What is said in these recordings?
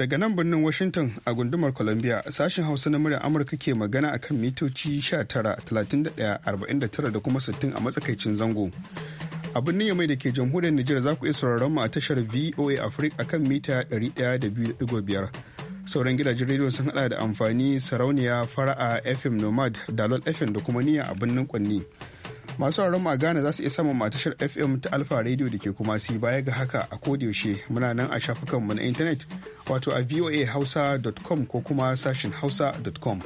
daga nan birnin washington a gundumar columbia sashen hausa na muryar amurka ke magana akan mitoci 19,31,49 da kuma 60 a matsakaicin zango abin niyya mai da ke jamhuriyar nijar za ku iya sauraron mu a tashar voa africa akan mita 102.5 sauran gidajen rediyo sun hada da amfani sarauniya fara'a fm nomad dalol fm da kuma niyya a birnin kwanni masu mu a Ghana za su iya samun matashar FM ta Alfa Radio da ke kuma si baya ga haka a yaushe muna nan a shafukanmu na intanet wato a voahausa.com ko kuma sashin hausa.com.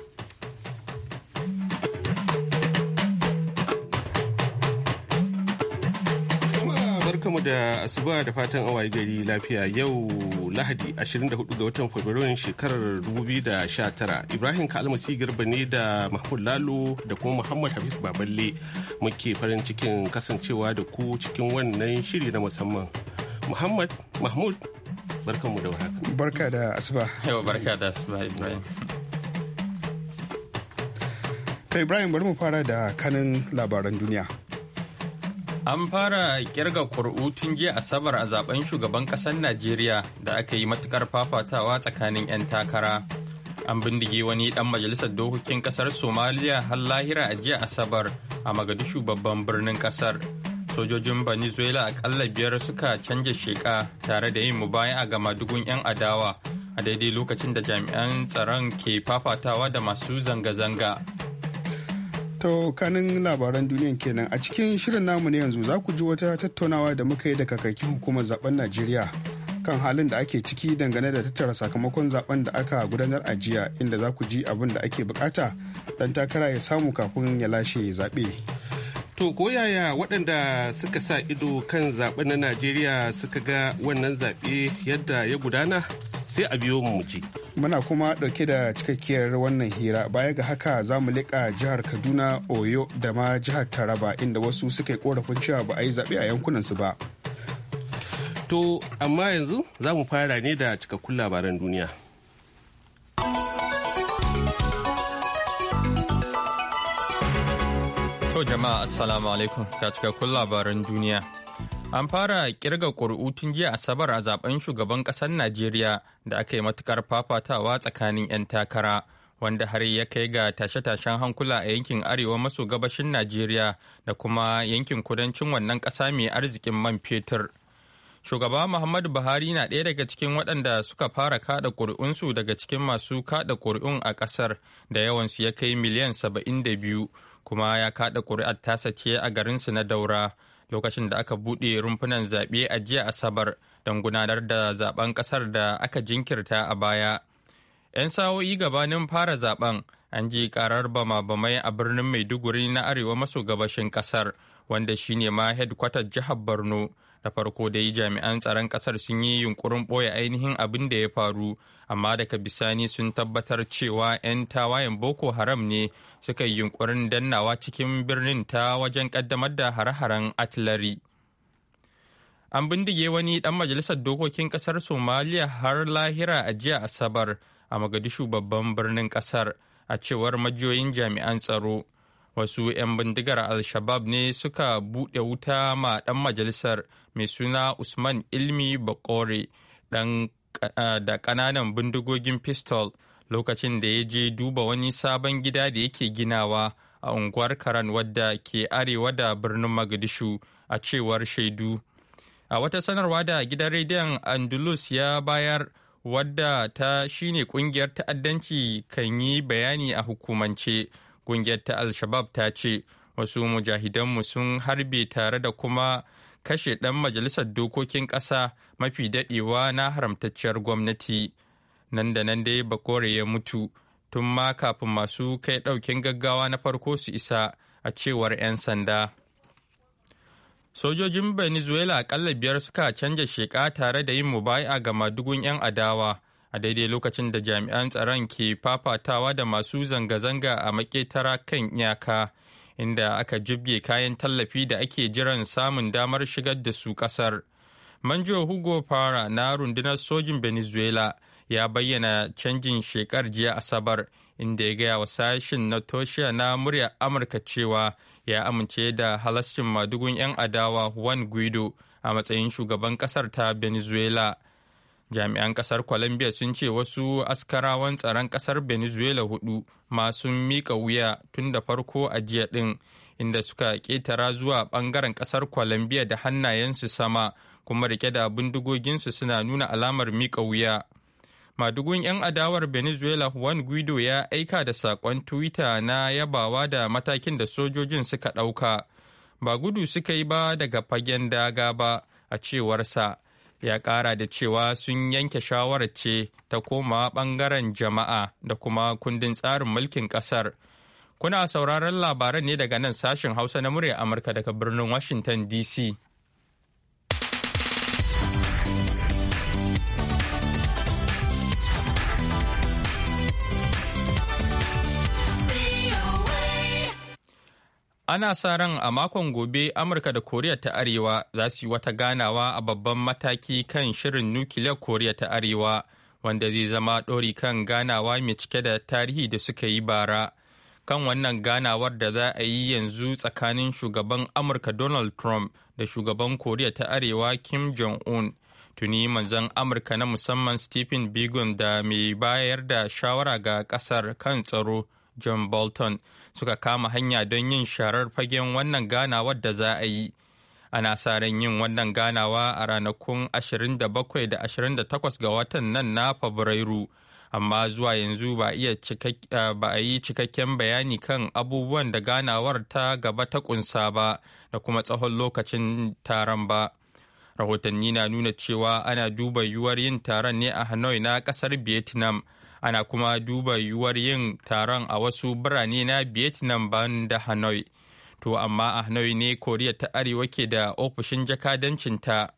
Barkamu da asuba da fatan awaye gari lafiya yau lahadi 24 ga watan fabrairun shekarar 2019 ibrahim kalmasi girba ne da mahmud lalo da kuma muhammad hafiz baballe muke farin cikin kasancewa da ku cikin wannan shiri na musamman muhammad mahmud barkanmu da warhaka barka da asuba yawa barka da asuba ibrahim ta ibrahim bari mu fara da kanin labaran duniya An fara kirga kur'u tun jiya Asabar a zaben shugaban ƙasar Najeriya da aka yi matukar fafatawa tsakanin 'yan takara. An bindige wani ɗan majalisar dokokin ƙasar Somaliya har lahira a jiya Asabar a Magadishu babban birnin ƙasar. Sojojin Venezuela aƙalla biyar suka canja sheƙa tare da yin mubaya ga madugun 'yan adawa a daidai lokacin da jami'an tsaron ke fafatawa da masu zanga-zanga. To kanin labaran duniyan kenan a cikin shirin namu ne yanzu za ku ji wata tattaunawa da muka yi da kakaki hukumar zaben Najeriya kan halin da ake ciki dangane da tattara sakamakon zaben da aka gudanar a jiya inda za ku ji abin da ake bukata dan takara ya samu kafin ya lashe zaɓe. To koyaya waɗanda suka sa ido kan zaben na Najeriya suka ga wannan zaɓe yadda ya gudana sai a biyo mu ji. muna kuma dauke da cikakkiyar wannan hira baya ga haka za mu leƙa jihar kaduna oyo da ma jihar taraba inda wasu suka yi korafin cewa ba a yi zaɓe a yankunansu ba to amma yanzu za mu fara ne da cikakkun labaran duniya to jama'a assalamu alaikum ga cikakkun labaran duniya An fara kirga ƙuri'u tun jiya Asabar a zaben shugaban ƙasar Najeriya da aka yi matukar fafatawa tsakanin 'yan takara, wanda har ya kai ga tashe-tashen hankula a yankin arewa maso gabashin Najeriya da kuma yankin kudancin wannan ƙasa mai arzikin man fetur. Shugaba Muhammadu Buhari na ɗaya daga cikin waɗanda suka fara kaɗa ƙuri'unsu daga cikin masu kaɗa ƙuri'un a ƙasar da yawansu ya kai miliyan biyu kuma ya kaɗa ƙuri'ar tasa ce a garinsu na Daura. lokacin da aka buɗe rumfunan zaɓe a jiya asabar don gudanar da zaben ƙasar da aka jinkirta a baya 'yan sa'o'i gabanin fara zaben an ji karar bama-bamai a birnin maiduguri na arewa maso gabashin ƙasar wanda shine ma hedkwatar jihar borno da farko dai jami'an tsaron kasar sun yi yunkurin ɓoye ainihin abin da ya faru amma daga bisani sun tabbatar cewa 'yan tawayen boko haram ne suka yi yunkurin dannawa cikin birnin ta wajen kaddamar da hare-haren atlari an bindige wani dan majalisar dokokin kasar somaliya har lahira a jiya asabar a magadishu babban birnin kasar a cewar majiyoyin jami'an tsaro wasu 'yan bindigar al-shabab ne suka buɗe wuta ma ɗan majalisar mai suna usman ilmi bakore da ƙananan bindigogin pistol lokacin da ya je duba wani sabon gida da yake ginawa a unguwar karan wadda ke arewa da birnin magadishu a cewar shaidu a wata sanarwa da gidan rediyon andalus ya bayar wadda ta shine kungiyar ta'addanci kan yi bayani a hukumance Ƙungiyar ta Al-Shabab ta ce wasu mujahidanmu sun harbe tare da kuma kashe ɗan majalisar dokokin ƙasa mafi daɗewa na haramtacciyar gwamnati. Nan da nan dai bakore ya mutu tun ma kafin masu kai ɗaukin gaggawa na farko su isa a cewar 'yan sanda. Sojojin Venezuela akalla biyar suka canja sheka tare da yin mubaya ga madugun 'yan adawa a daidai lokacin da jami'an tsaron ke fafatawa da masu zanga-zanga a maketara kan iyaka inda aka jibge kayan tallafi da ake jiran samun damar shigar da su kasar manjo hugo fara na rundunar sojin venezuela ya bayyana canjin shekar jiya asabar inda ya gaya wa sashen na toshiya na murya amurka cewa ya amince da halascin madugun 'yan adawa juan guido a matsayin shugaban kasar ta venezuela jami'an kasar colombia sun ce wasu askarawan tsaron kasar venezuela hudu masu mika wuya tun da farko a jiya din inda suka ketara zuwa bangaren kasar colombia da hannayensu sama kuma rike da bindigoginsu suna nuna alamar mika wuya madugun 'yan adawar venezuela juan guido ya aika da sakon twitter na yabawa da matakin da sojojin suka ɗauka ba gudu suka yi ba daga fagen daga ba a cewarsa ya kara da cewa sun yanke shawarar ce ta koma bangaren jama'a da kuma kundin tsarin mulkin kasar kuna sauraron labaran ne daga nan sashen hausa na murya amurka daga birnin washington dc Ana sa ran a makon gobe Amurka da Koriya ta Arewa za su yi wata ganawa a babban mataki kan shirin nukiliyar Koriya ta Arewa wanda zai zama ɗori kan ganawa mai cike da tarihi da suka yi bara. Kan wannan ganawar da za a yi yanzu tsakanin shugaban Amurka Donald Trump da shugaban Koriya ta Arewa Kim Jong-un. Tuni manzan Amurka na musamman Stephen Bigon da mai bayar da shawara ga kasar kan tsaro John Bolton suka kama hanya don yin sharar fagen wannan ganawar da za a yi ana sa ran yin wannan ganawa a ranakun 27 da 28 ga watan nan na fabrairu amma zuwa yanzu eh, ba a yi cikakken bayani kan abubuwan da ganawar ta gaba ta kunsa ba da kuma tsawon lokacin taron ba rahotanni na nuna cewa ana duba yiwuwar yin taron ne a hanoi na kasar vietnam ana kuma duba yiwuwar yin taron a wasu birane na vietnam ban da hanoi to amma a hanoi ne koriya ta arewa ke da ofishin ta.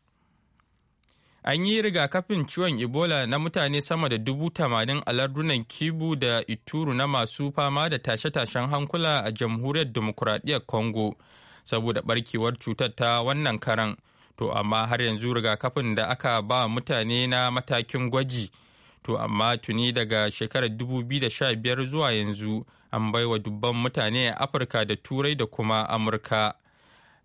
an yi rigakafin ciwon ebola na mutane sama da dubu tamanin a lardunan kibu da ituru na masu fama da tashe-tashen hankula a jamhuriyar demokuraɗiyyar congo saboda barkewar cutar ta wannan karan to amma har yanzu rigakafin da aka ba mutane na matakin gwaji to amma tuni daga shekarar 2015 zuwa yanzu an baiwa dubban mutane a afirka da turai da kuma amurka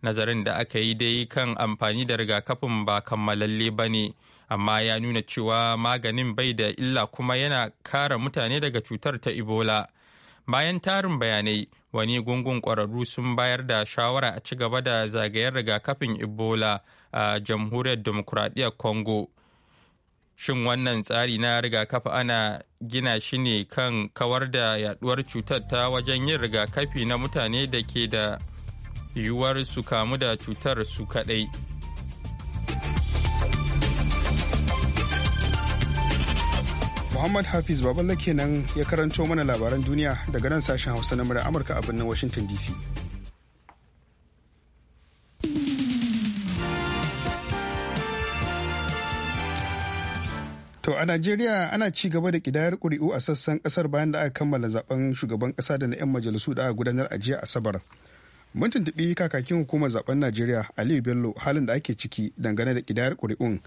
nazarin da aka yi dai kan amfani da rigakafin ba kammalalle ba ne amma ya nuna cewa maganin bai da illa kuma yana kare mutane daga cutar ta ebola bayan tarin bayanai wani gungun ƙwararru sun bayar da shawara a ci gaba da zagayen rigakafin ebola a jamhuriyar demokuraɗiyyar congo shin wannan tsari na rigakafi ana gina shi ne kan kawar da yaduwar cutar ta wajen yin rigakafi na mutane da ke da yiwuwar su kamu da cutar su kadai muhammad hafiz babalake nan ya karanto mana labaran duniya daga nan sashen hausa na amurka a birnin washington dc To a Najeriya ana ci gaba da kidayar ƙuri'u a sassan ƙasar bayan da aka kammala zaben shugaban kasa da na 'yan majalisu da aka gudanar a jiya Asabar. Mun tuntuɓi kakakin hukumar zaben Najeriya Aliyu Bello halin da ake ciki dangane da kidayar ƙuri'un.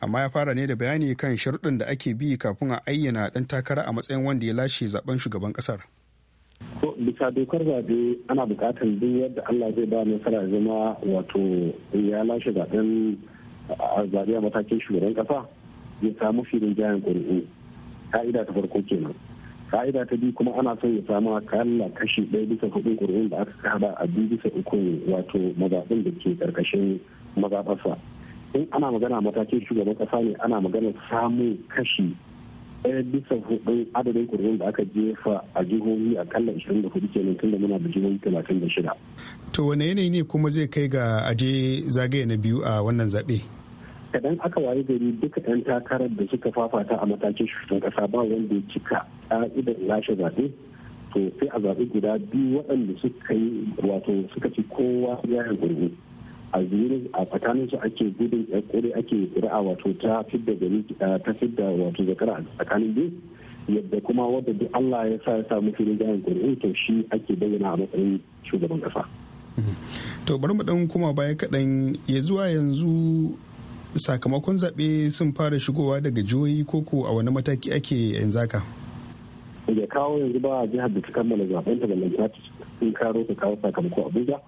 Amma ya fara ne da bayani kan sharuɗin da ake bi kafin a ayyana ɗan takara a matsayin wanda ya lashe zaben shugaban ƙasar. bisa dokar zaɓe ana buƙatar duk yadda Allah zai ba nasara zama wato ya lashe zaɓen zaɓe a matakin shugaban ƙasa. ya samu filin jayan ƙuri'u ka'ida ta farko kenan ka'ida ta biyu kuma ana so ya samu akalla kashi ɗaya bisa kuɗin ƙuri'un da aka kada a biyu bisa uku wato mazaɓin da ke ƙarƙashin mazaɓarsa in ana magana matakin shugaban ƙasa ne ana magana samun kashi ɗaya bisa hudun adadin ƙuri'un da aka jefa a jihohi akalla 24 kenan tunda muna da jihohi da shida. to wane yanayi ne kuma zai kai ga aje zagaye na biyu a wannan zaɓe kadan aka waye gari duka 'yan takarar da suka fafata a matakin shugaban kasa ba wanda ya cika ka'idar lashe zaɓe to sai a zaɓi guda biyu waɗanda suka yi wato suka ci kowa ya gurbi a zuri a fatanin su ake gudun ƙuri ake ƙuri'a wato ta fidda gari ta fidda wato zakara a tsakanin biyu yadda kuma wadda duk Allah ya sa ya samu filin jayin ƙuri'u to shi ake bayyana a matsayin shugaban kasa. to bari mu dan kuma baya kaɗan ya zuwa yanzu sakamakon zaɓe sun fara shigowa daga jihohi ko koko a wani mataki ake yanzu haka da kawo yanzu ba jihar da ta kammala zaɓen ta balanta ta sun karo ta kawo sakamako abuja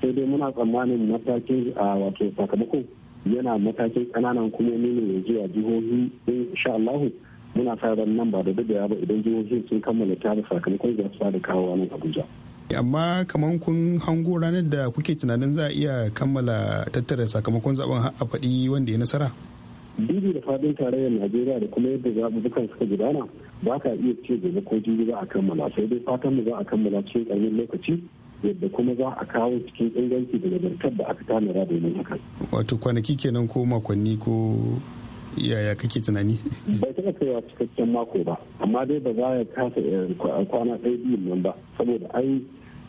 sai dai muna tsammanin matakin a wato sakamako yana matakin ƙananan kumomi ne ya zuwa jihohi sha Allahu muna sa ran nan ba da dadewa ba idan jihohi sun kammala tara sakamakon za su fara kawo nan abuja amma kamar kun hango ranar da kuke tunanin za a iya kammala tattara sakamakon zaben a faɗi wanda ya nasara Bibi da faɗin tarayyar najeriya da kuma yadda zaɓuɓɓukan suka gudana ba ka iya ce da ko jibi za a kammala sai dai fatan mu za a kammala cikin ƙaramin lokaci yadda kuma za a kawo cikin inganci da nagartar da aka tanada domin hakan. wato kwanaki kenan ko makonni ko yaya kake tunani bai taɓa kaiwa cikakken mako ba amma dai ba za ya kasa eh, kwana ɗaya biyun nan ba saboda ai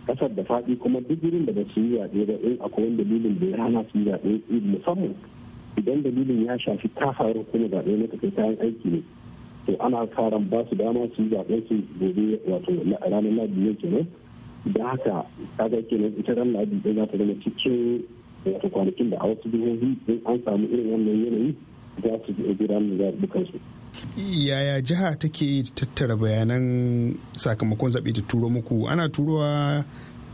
kasar da faɗi kuma duk gurin da ba su yi yaɗe ba in akwai wani dalilin da ya hana su yi zaɓe musamman idan dalilin ya shafi kafawar hukumar zaɓe na tafi kayan aiki ne to ana karan ba su dama su yi zaɓen su gobe wato ranar ladi ne nan da haka kaga kenan ita ran ladi ɗin za ta zama cikin wato kwanakin da a wasu jihohi in an samu irin wannan yanayi za su gudanar da zaɓukansu. yaya jiha take tattara bayanan sakamakon zaɓe da turo muku ana turowa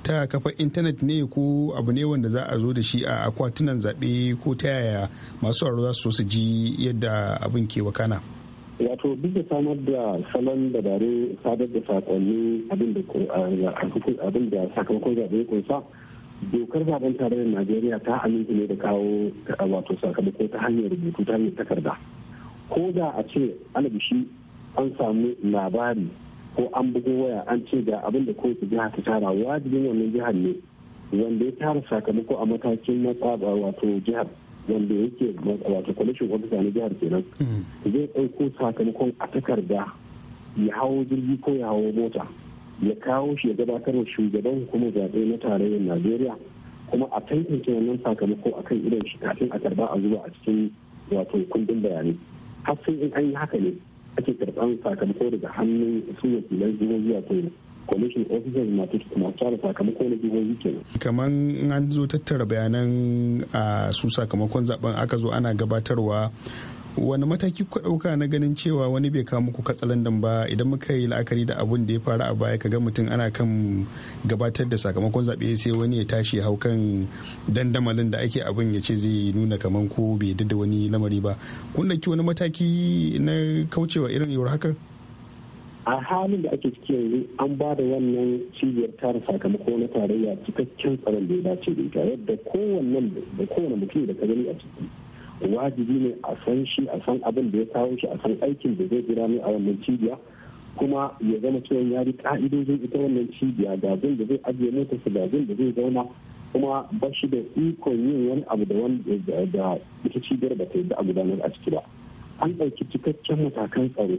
ta kafa intanet ne ko abu ne wanda za a zo da shi a akwatunan zaɓe ko ta yaya masu aro za su ji yadda abin ke wakana wato duk da samar da salon dare sadar da sakonni abin da sakamakon zaɓe kunsa dokar zaben tarayyar najeriya ta aminta ne da kawo wato sakamako ta hanyar rubutu ta hanyar takarda ko da a ce alabishi an samu labari ko an bugo waya an ce ga abin da kowace jiha ta tara wajibin wannan jihar ne wanda ya tara sakamako a matakin matsaba wato jihar wanda yake wato kwamishin ofisa na jihar kenan mm. zai ɗauko sakamakon a takarda ya hawo jirgi ko ya hawo mota ya kawo shi ya gabatar wa shugaban hukumar zaɓe na tarayyar najeriya kuma a tantance wannan sakamako akan idon shi kafin a karba a zuba a cikin wato kundin bayanai har sai in an yi haka ne ake karɓan sakamako daga hannun su wakilan jihohi wato commission officers masu tsara sakamako na jihohi kenan. kamar an zo tattara bayanan a ah, su sakamakon zaben aka zo ana gabatarwa wani mataki kuka ɗauka na ganin cewa wani bai kawo muku katsalandan ba idan muka yi la'akari da abun da ya faru a baya ka ga mutum ana kan gabatar da sakamakon zaɓe sai wani ya tashi hau kan dandamalin da ake abun ya ce zai nuna kaman ko bai yadda wani lamari ba kun ɗauki wani mataki na kaucewa irin yawar haka a halin da ake cikin yanzu an ba da wannan cibiyar tara sakamako na tarayya cikakken tsaron da ya dace da ita yadda kowanne mutum da ka gani a ciki wajibi ne a san shi a san abin da ya kawo shi a san aikin da zai gudanar a wannan cibiya kuma ya zama cewa ya bi ka'idojin ita wannan cibiya ga abin da zai ajiye motarsa ga abin da zai zauna kuma ba shi da ikon yin wani abu da da ita cibiyar ba ta da a gudanar a ciki ba an ɗauki cikakken matakan tsaro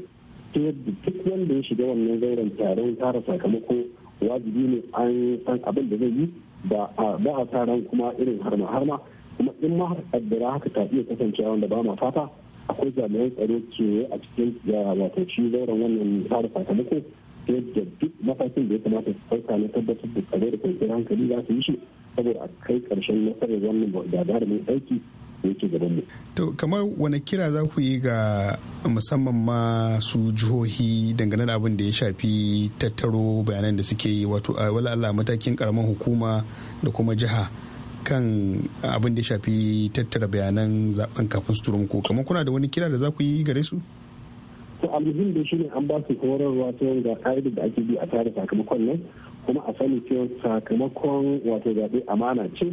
ta yadda duk wanda ya shiga wannan zauren taron tara sakamako wajibi ne an san abin da zai yi ba a taron kuma irin harma harma in ma har kaddara haka ta iya kasancewa wanda ba ma fata akwai jami'an tsaro ke a cikin wato shi zauren wannan tsara sakamako yadda duk matakin da ya kamata su farka na tabbatar da tsaro da kwanciyar hankali za su yi shi saboda a kai karshen nasarar wannan mai aiki yake gaban mu. To kamar wani kira za ku yi ga musamman ma su jihohi dangane da abin da ya shafi tattaro bayanan da suke yi wato a wala Allah matakin karamar hukuma da kuma jiha. kan abin da shafi tattara bayanan zaben kafin su turo ko kamar kuna da wani kira da za ku yi gare su to alhim da shine an ba su horarwa ta ga ka'idar da ake bi a tare sakamakon nan kuma a sani cewa sakamakon wato zaɓe amana ce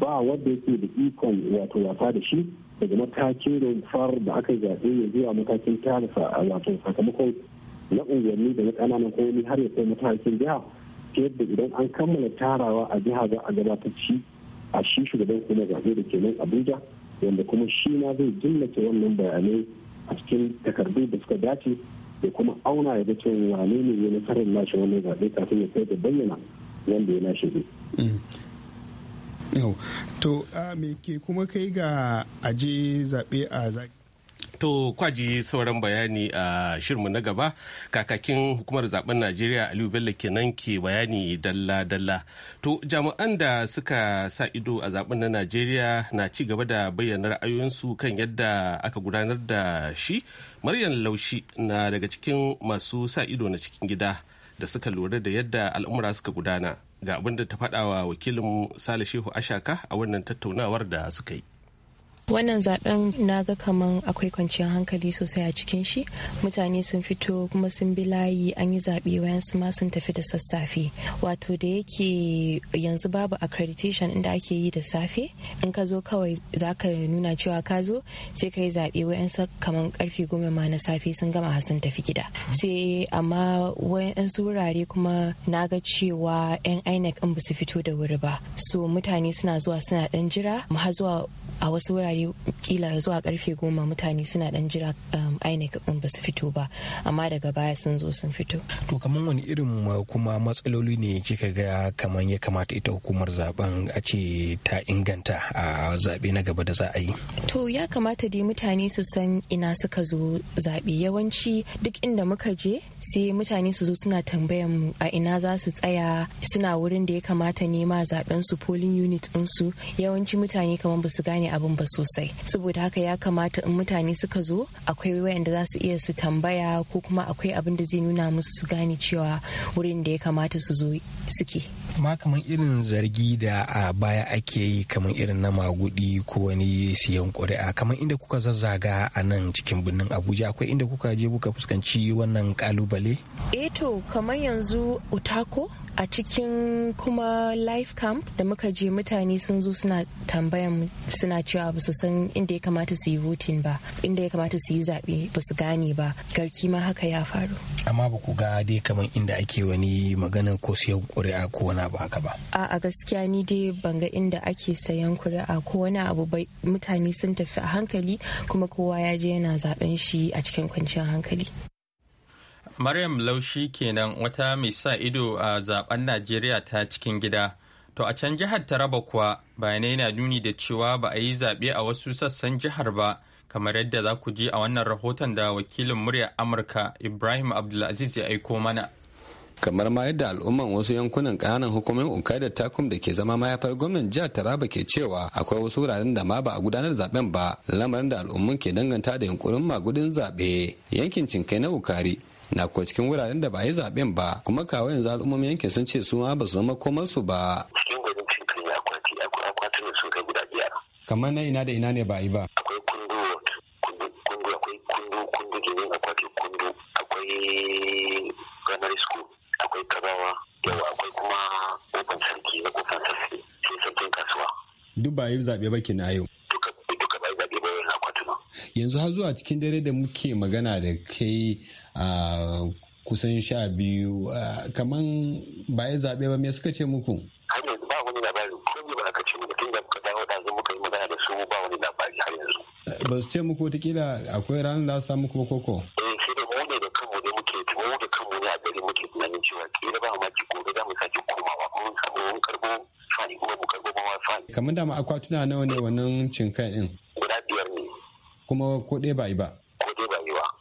ba wanda yake da ikon wato wasa da shi daga matakin rumfar da aka zaɓe ya zuwa matakin tare wato sakamakon na unguwanni da na ƙananan komai har ya kai matakin jiha ta yadda idan an kammala tarawa a jiha za a gabatar shi a shi shugaban kuma zaɓe da ke nan abuja wanda kuma shi ma zai jillace wannan bayanai a cikin takardu da suka dace da kuma auna ya ga cewa wane ne ya nasarar lashe wannan zaɓe kafin ya kai da bayyana wanda ya lashe ne. Mm. to me ke kuma kai ga aje zaɓe a zaɓe To kwaji sauran bayani a shirmu na gaba kakakin hukumar zaben Najeriya Aliyu Bello kenan ke bayani dalla-dalla. To jami'an da suka sa ido a zaben na Najeriya na ci gaba da bayyana ra'ayoyinsu kan yadda aka gudanar da shi. Maryam Laushi na daga cikin masu sa ido na cikin gida da suka lura da yadda al'umura suka gudana ga abin da ta faɗa wa wakilin Sale Shehu Ashaka a wannan tattaunawar da suka yi. wannan zaben na ga kaman akwai kwanciyar hankali sosai a cikin shi mutane sun fito kuma sun bi layi an yi zaɓe wayansu ma sun tafi da sassafe wato da yake yanzu babu accreditation inda ake yi da safe in ka zo kawai za ka nuna cewa ka zo sai ka yi zaɓe wayansu kaman karfe goma ma na safe sun gama sun tafi gida sai amma wayansu wurare kuma na ga cewa yan inec in ba su fito da wuri ba so mutane suna zuwa suna ɗan jira har zuwa a wasu wurare kila zuwa karfe goma mutane suna dan jira um, inec in ba su fito ba amma daga baya sun zo sun fito to kamar wani irin uh, kuma matsaloli ne kika ga kamar ya kamata ita hukumar zaben a ce ta inganta a zabe na gaba da za a yi to ya kamata dai mutane su san ina suka zo zaɓe yawanci duk inda muka je sai mutane su zo suna tambayan mu a ina za su tsaya suna wurin da ya kamata nema zaben su polling unit su yawanci mutane kamar ba su gane abin ba sosai saboda haka ya kamata in mutane suka zo akwai wayanda za su iya su tambaya ko kuma akwai abin da zai nuna musu su gane cewa wurin da ya kamata su zo suke ma kamar irin zargi da a baya ake yi kamar irin na magudi ko wani siyan ƙuri'a kamar inda kuka zazzaga a nan cikin birnin abuja akwai inda kuka je kuka fuskanci wannan kalubale eh to kamar yanzu utako a cikin kuma life camp da muka je mutane sun zo suna tambayan suna cewa ba su san inda ya kamata su yi voting ba inda ya kamata su yi zaɓe ba su gane ba garki ma haka ya faru amma ba ku ga dai kamar inda ake wani magana ko siyan ƙuri'a ko wani wani abu haka ba a gaskiya ni dai ban ga inda ake sayan kuri'a ko wani abu bai mutane sun tafi a hankali kuma kowa ya je yana zaben shi a cikin kwanciyar hankali Maryam Laushi kenan wata mai sa ido a zaben Najeriya ta cikin gida. To a can jihar Taraba kuwa bayanai na nuni da cewa ba a yi zaɓe a wasu sassan jihar ba, kamar yadda za ku ji a wannan rahoton da wakilin muryar Amurka Ibrahim Abdulaziz ya aiko mana. kamar ma yadda al'umman wasu yankunan kananan hukumar unkai da takum da ke zama mayafar gwamnan jihar taraba ke cewa akwai wasu wuraren da ma ba a gudanar zaben ba lamarin da al'umman ke danganta da yunkurin magudin zaɓe yankin cinkai na ukari na kuwa cikin wuraren da ba yi zaben ba kuma kawo yanzu al'ummomin yankin sun ce su ma ba su zama komarsu ba. cikin gwanin cinkai akwati akwati ne sun kai guda biyar. kamar na ina da ina ne ba a yi ba. akwai kundu kundu akwai kundu kundu akwati kundu akwai primary school akwai kazawa yawa akwai kuma ofin sarki na kofin sarki sai sarkin kasuwa duk ba yi zaɓe ba kina yau duka ba yi zaɓe ba na kwatuma yanzu har zuwa cikin dare da muke magana da kai a kusan sha biyu kaman ba yi zaɓe ba me suka ce muku har yanzu ba wani labari ko ne ba aka ce tun da muka dawo da muka yi magana da su ba wani labari har yanzu ba su ce muku wataƙila akwai ranar da su samu kuma koko eh kamar dama akwatuna nawa ne wannan cinkai din guda biyar ne kuma ko ɗaya ba yi ba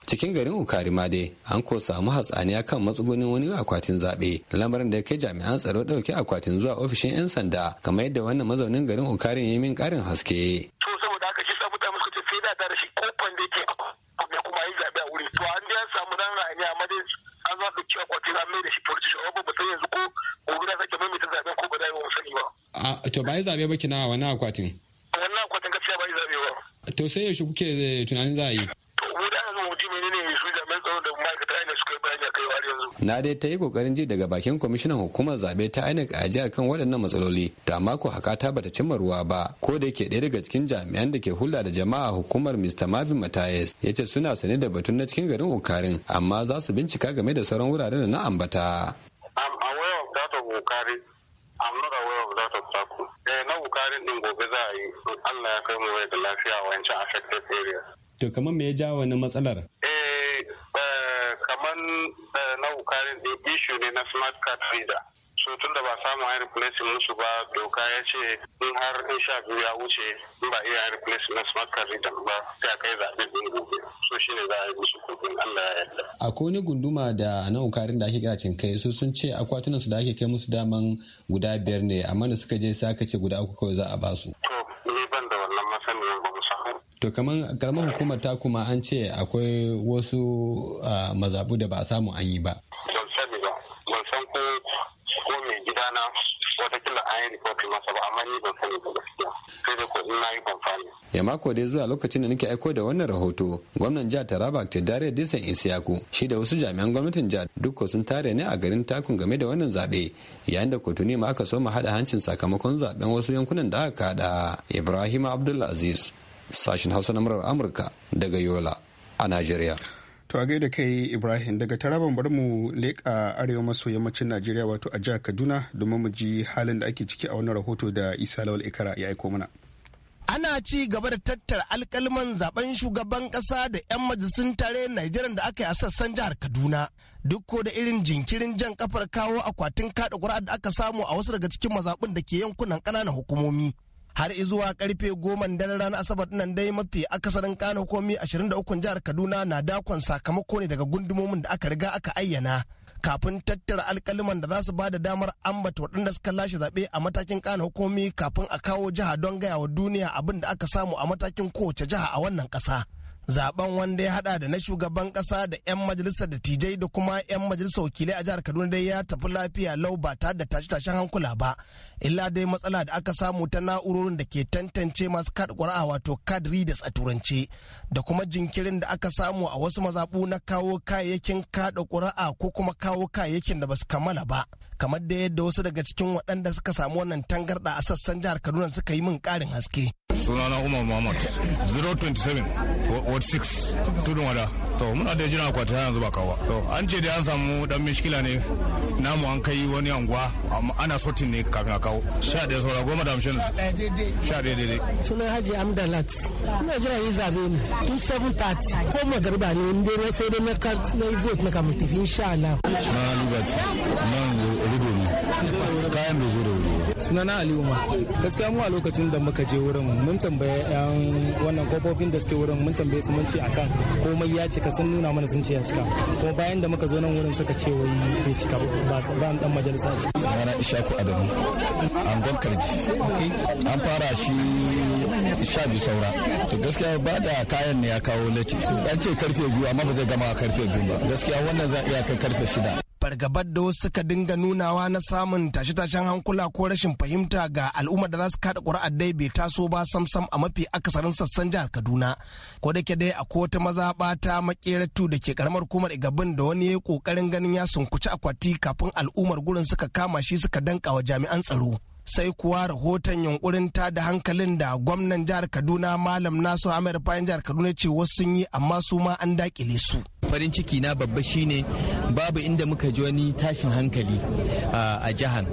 cikin garin ukarima dai an ko samu hatsaniya kan matsugunin wani akwatin zaɓe lamarin da ya kai jami'an tsaro ɗauke akwatin zuwa ofishin 'yan sanda kamar yadda wannan mazaunin garin ukarin ya min ƙarin haske to ba yi zaɓe ba kina wani akwatin wannan akwatin gaskiya ba yi zaɓe ba to sai yaushe kuke eh, tunanin za a yi yanzu ne su ja-mai-tsawar da kai na dai ta yi kokarin ji daga bakin kwamishinan hukumar zabe ta inec a kan waɗannan matsaloli da mako hakata bata cimma ruwa ba ko da yake ɗaya daga cikin jami'an da ke hulɗa da jama'a hukumar mr marvin matayes ya ce suna sane da batun na cikin garin okarin amma za su bincika game da sauran wuraren da na ambata amma ga waya ba za ta saku eh na bukarin din gobe za a yi in Allah ya kai mu waya da lafiya a wancan affected area to kamar me ya ja wani matsalar eh, eh kaman eh, na bukarin din issue ne na smart card reader so tun da ba samu a replace musu ba doka ya ce in har in sha biyu ya wuce in ba iya replace na smart card reader ba sai a kai zaɓe ɗin gobe so shine za a yi musu kudin Allah ya yarda. Akwai wani gunduma da nan ukarin da ake kira kai su sun ce akwatunan su da ake kai musu daman guda biyar ne amma da suka je sai aka ce guda uku kawai za a basu. To ni ban da wannan masaniyan ba mu To kamar karamar hukumar ta kuma an ce akwai wasu ah, mazabu da ba a samu an yi ba. ya mako dai zuwa lokacin da nake aiko da wannan rahoto gwamnan jihar taraba dare disan isiyaku shi da wasu jami'an gwamnatin jihar duk sun tare ne a garin takun game da wannan zaɓe yayin da kotuni ma aka so mu haɗa hancin sakamakon zaɓen wasu yankunan da aka haɗa ibrahim aziz sashin hausa na murar amurka daga yola a najeriya To a gaida kai Ibrahim daga Taraban bar mu leƙa arewa maso yammacin Najeriya wato a jihar Kaduna domin mu ji halin da ake ciki a wannan rahoto da Isa Lawal Ikara ya aiko mana. ana ci gaba da tattara alkalman zaben shugaban kasa da 'yan majalisun tare Najeriya da aka yi a sassan jihar Kaduna. Duk ko da irin jinkirin jan kafar kawo akwatin kaɗa ƙuri'ar da aka samu a wasu daga cikin mazaɓin da ke yankunan ƙananan hukumomi. Har izuwa karfe goma daren ranar Asabar nan dai mafi akasarin ƙananan hukumomi 23 jihar Kaduna na dakon sakamako ne daga gundumomin da aka riga aka ayyana. kafin tattara alkaliman da za su ba da damar ambata waɗanda suka lashe zaɓe a matakin ƙana hukumi kafin a kawo jiha don gaya wa duniya abin da aka samu a matakin kowace jiha a wannan ƙasa. zaben wanda ya hada da na shugaban kasa da 'yan majalisar dattijai da kuma 'yan majalisar wakilai a jihar kaduna dai ya tafi lafiya lau ba tare da tashe-tashen hankula ba illa dai matsala da aka samu ta na'urorin da ke tantance masu kaɗa ƙuri'a wato card readers a turance da kuma jinkirin da aka samu a wasu mazaɓu na kawo kayayyakin kada ƙuri'a ko kuma kawo kayayyakin da basu kammala ba kamar da yadda wasu daga cikin waɗanda suka samu wannan tangarɗa a sassan jihar kaduna suka yi min ƙarin haske sunana umar muhammad 027 ward tudun wada to muna da jiran akwati yanzu ba kawo to an ce da an samu dan mishkila ne namu an kai wani anguwa ana sotin ne kafin a kawo sha ɗaya saura goma da amshin. sha ɗaya daidai sunan haji amdalat Muna jiran yi zabe ne tun 7:30 ko magariba ne inda na sai dai na vote na kamar tafi insha Allah sunan Lugati. nan kayan bai zo da wuri suna na ali umar gaskiya mu a lokacin da muka je wurin mun tambaye yan wannan kofofin da suke wurin mun tambaye su mun ce akan komai ya cika sun nuna mana sun ce ya cika kuma bayan da muka zo nan wurin suka ce wai bai cika ba ba dan majalisa ce rana ishaku adamu an gwankarji an fara shi sha biyu saura to gaskiya ba da kayan ne ya kawo lati an ce karfe biyu amma ba zai gama karfe biyu ba gaskiya wannan za iya kai karfe shida fargabar da wasu suka dinga nunawa na samun tashe-tashen hankula ko rashin fahimta ga al'ummar da za su kada ƙuri'ar dai bai taso ba samsam a mafi akasarin sassan jihar kaduna ko da ke dai a wata mazaɓa ta makeratu da ke karamar hukumar igabin da wani ya yi ƙoƙarin ganin ya sunkuci akwati kafin al'ummar gurin suka kama shi suka danka wa jami'an tsaro sai kuwa rahoton yunkurin ta da hankalin da gwamnan jihar kaduna malam nasu ahmed bayan jihar kaduna ce wasu sun yi amma su ma an dakile su farin ciki na babba shine babu inda muka ji wani tashin hankali ah, a jihar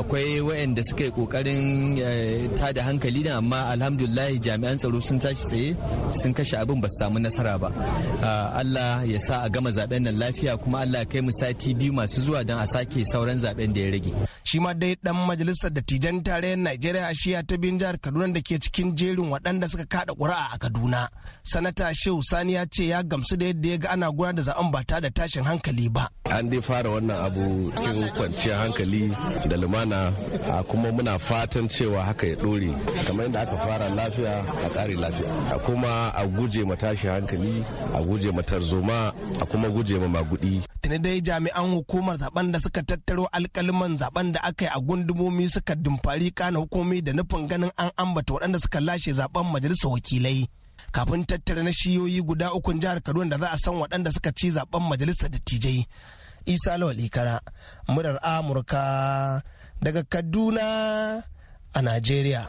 akwai wayanda suka yi kokarin eh, ta da hankali da amma alhamdulillah jami'an tsaro sun tashi tsaye sun kashe abin ba su samu nasara ba ah, allah ya sa a gama zaben nan lafiya kuma allah ya kai mu sati biyu masu zuwa don a sake sauran zaben da ya rage shi ma dai dan majalisar da wajen tarayyar Najeriya a shiya ta bin jihar Kaduna da ke cikin jerin waɗanda suka kada ƙuri'a a Kaduna. Sanata Shehu Sani ya ce ya gamsu da yadda ya ga ana gudanar da zaben ba da tashin hankali ba. An dai fara wannan abu cikin kwanciyar hankali da lumana a kuma muna fatan cewa haka ya ɗore kamar yadda aka fara lafiya a ƙare lafiya. A kuma a guje ma tashin hankali a guje ma tarzoma a kuma guje ma magudi. Tuni dai jami'an hukumar zaben da suka tattaro alƙaliman zaben da aka yi a gundumomi suka dumfari kana hukumomi da nufin ganin an ambata waɗanda suka lashe zaben majalisar wakilai kafin tattara na shiyoyi guda ukun jihar kaduna da za a san waɗanda suka ci zaben majalisar dattijai isa Lawali Kara, murar amurka daga kaduna a najeriya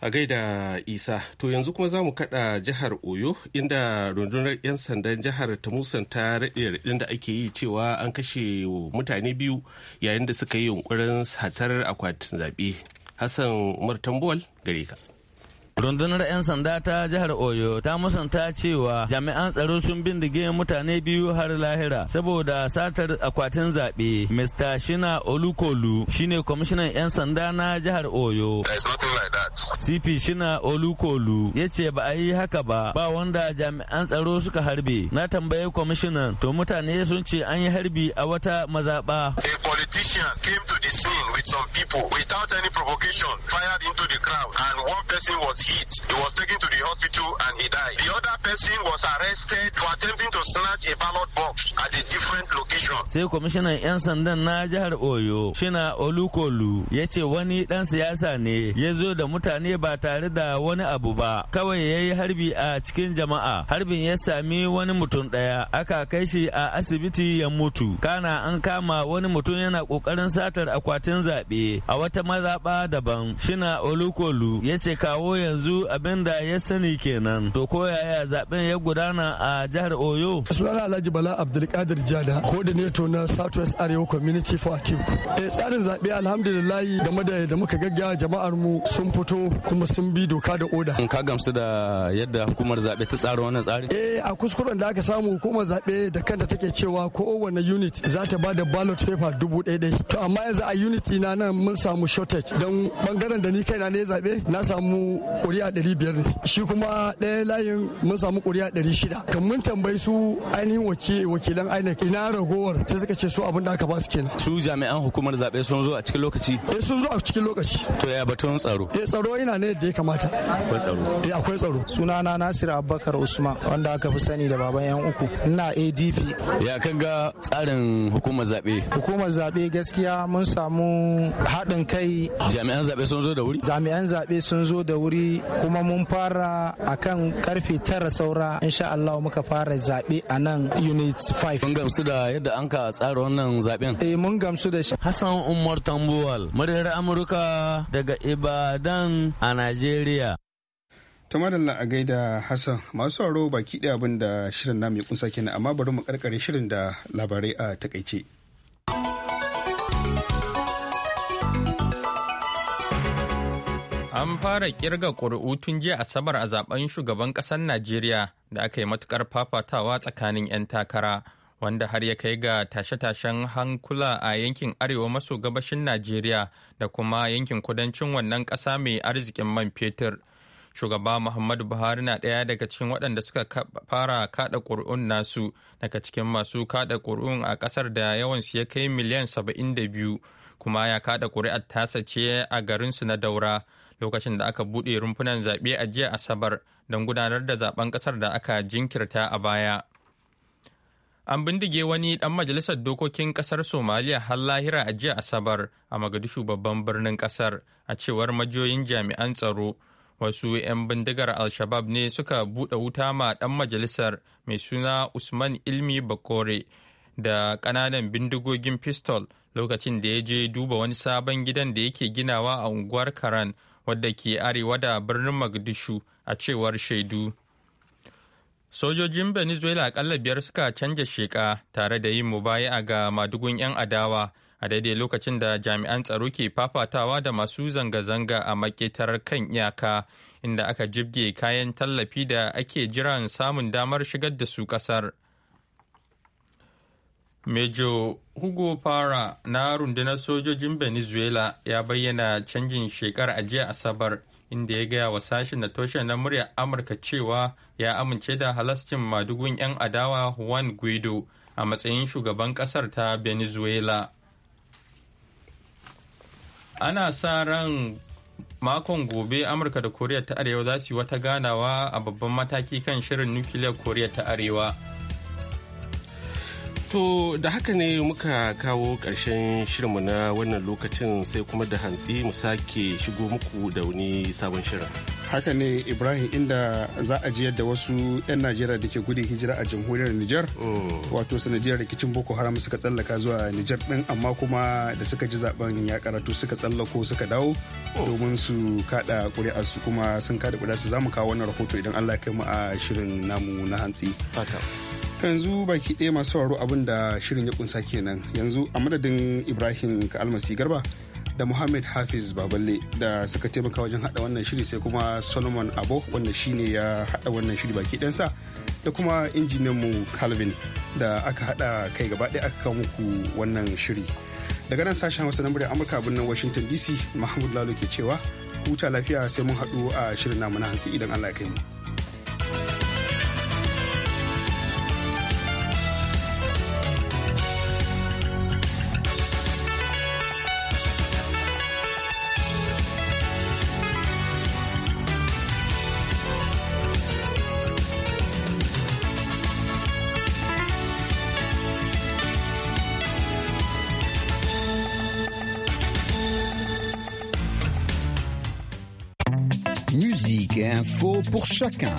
a gaida isa to yanzu kuma za mu kada jihar oyo inda rundunar 'yan sandan jihar ta musanta raɗin da ake yi cewa an kashe mutane biyu yayin da suka yi yunkurin satar akwatin zaɓe hassan umar tambuwal gare ka Rundunar 'yan sanda ta jihar Oyo ta musanta cewa jami'an tsaro sun bindige mutane biyu har lahira saboda satar akwatin zaɓe. Mr. Shina Olukolu shine kwamishinan 'yan sanda na jihar Oyo. CP Shina Olukolu ya ce ba a yi haka ba ba wanda jami'an tsaro suka harbe. Na tambayi kwamishinan to mutane sun ce an yi harbi a wata mazaɓa. A politician came to the scene with some people without any provocation fired into the crowd and one person was hit. He was taken to the hospital and he died. The other person was arrested for attempting to snatch a ballot box at a different location. Sai kwamishinan 'yan sandan na jihar Oyo, Shina Olukolu, ya ce wani dan siyasa ne ya zo da mutane ba tare da wani abu ba. Kawai ya yi harbi a cikin jama'a. Harbin ya sami wani mutum ɗaya, aka kai shi a asibiti ya mutu. Kana an kama wani mutum yana ƙoƙarin satar akwatin zaɓe a wata mazaɓa daban. Shina Olukolu ya ce kawo yanzu yanzu abin da ya sani kenan to ko yaya zaben ya gudana a jihar oyo sunana alhaji bala abdulkadir jada coordinator na southwest arewa community for atiku eh tsarin zabe alhamdulillah game da da muka gaggawa jama'ar mu sun fito kuma sun bi doka da oda ka gamsu da yadda hukumar zabe ta tsara wannan tsari eh a kuskuren da aka samu hukumar zabe da kanta take cewa kowane unit za ta ba da ballot paper dubu ɗaya to amma yanzu a unit na nan mun samu shortage don bangaren da ni kaina ne zabe na samu kuri'a ɗari biyar ne shi kuma ɗaya layin mun samu kuri'a ɗari shida kan mun tambayi su ainihin wakilan INEC ina ragowar sai suka ce su abin da aka ba su kenan su jami'an hukumar zaɓe sun zo a cikin lokaci eh sun zo a cikin lokaci to ya batun tsaro eh tsaro ina ne da ya kamata akwai tsaro eh akwai tsaro sunana Nasir Abubakar Usman wanda aka fi sani da baban yan uku ina ADP ya kan ga tsarin hukumar zaɓe hukumar zaɓe gaskiya mun samu haɗin kai jami'an zaɓe sun zo da wuri jami'an zaɓe sun zo da wuri kuma mun fara akan karfe tara saura insha Allah muka fara zaɓe a nan unit 5. Mun gamsu da yadda an ka tsara wannan zaɓen? Eh mun gamsu da shi. Hassan Umar Tambuwal, muryar Amurka daga Ibadan a Najeriya. ta madalla a gaida hassan masu sauraro baki ɗaya abin da shirin namu ya kunsa kenan amma bari mu karkare shirin da labarai a takaice. An fara kirga ƙuri'u tun jiya Asabar a zaben shugaban ƙasar Najeriya da aka yi matukar fafatawa tsakanin 'yan takara, wanda har ya kai ga tashe-tashen hankula a yankin arewa maso gabashin Najeriya da kuma yankin kudancin wannan ƙasa mai arzikin man fetur. Shugaba Muhammadu Buhari na ɗaya daga cikin waɗanda suka fara kaɗa ƙuri'un nasu daga cikin masu kaɗa ƙuri'un a ƙasar da yawansu ya kai miliyan biyu kuma ya kaɗa ƙuri'ar tasa ce a garinsu na Daura. lokacin da aka buɗe rumfunan zaɓe a jiya asabar don gudanar da zaben ƙasar da aka jinkirta a baya an bindige wani ɗan majalisar dokokin ƙasar somaliya har lahira a jiya asabar a magadishu babban birnin ƙasar a cewar majiyoyin jami'an tsaro wasu 'yan bindigar al-shabab ne suka buɗe wuta ma ɗan majalisar mai suna usman ilmi bakore da ƙananan bindigogin pistol lokacin da ya je duba wani sabon gidan da yake ginawa a unguwar karan wadda ke arewa da birnin Mogadishu a cewar shaidu. Sojojin Venezuela akalla biyar suka canja sheka tare da yin a ga madugun 'yan adawa a daidai lokacin da jami'an tsaro ke fafatawa da masu zanga-zanga a maketar kan iyaka inda aka jibge kayan tallafi da ake jiran samun damar shigar da su kasar. Mejo Hugo Fara na rundunar sojojin Venezuela ya bayyana canjin shekara a jiya Asabar inda ya gaya wa sashen na toshe na muryar Amurka cewa ya amince da halascin madugun 'yan adawa Juan Guido a matsayin shugaban kasar ta Venezuela. Ana sa ran makon gobe Amurka da Koriya ta Arewa za su yi wata ganawa a babban mataki kan shirin nukiliyar Koriya ta Arewa. To da haka ne muka kawo ƙarshen shirinmu na wannan lokacin sai kuma da hantsi mu sake shigo muku da wani sabon shirin. Haka ne Ibrahim inda za a ji yadda wasu 'yan Najeriya da ke gudun hijira a jamhuriyar Nijar oh. wato sanadiyar rikicin Boko Haram suka tsallaka zuwa Nijar ɗin amma kuma da suka ji zaben ya karatu suka tsallako suka dawo oh. domin su kada su kuma sun kada ƙuri'arsu za mu kawo wannan rahoto idan Allah ya kai mu a shirin namu na hantsi. yanzu baki ɗaya masu sauraro abin da shirin ya kunsa kenan yanzu a madadin ibrahim almasi garba da muhammad hafiz baballe da suka taimaka wajen haɗa wannan shiri sai kuma solomon abo wanda shi ne ya haɗa wannan shiri baki ɗansa da kuma mu calvin da aka haɗa kai gaba ɗaya aka kawo muku wannan shiri daga nan sashen hausa na murya amurka birnin washington dc mahmud lalo ke cewa huta lafiya sai mun haɗu a shirin namu na hansi idan allah ya kai mu. pour chacun.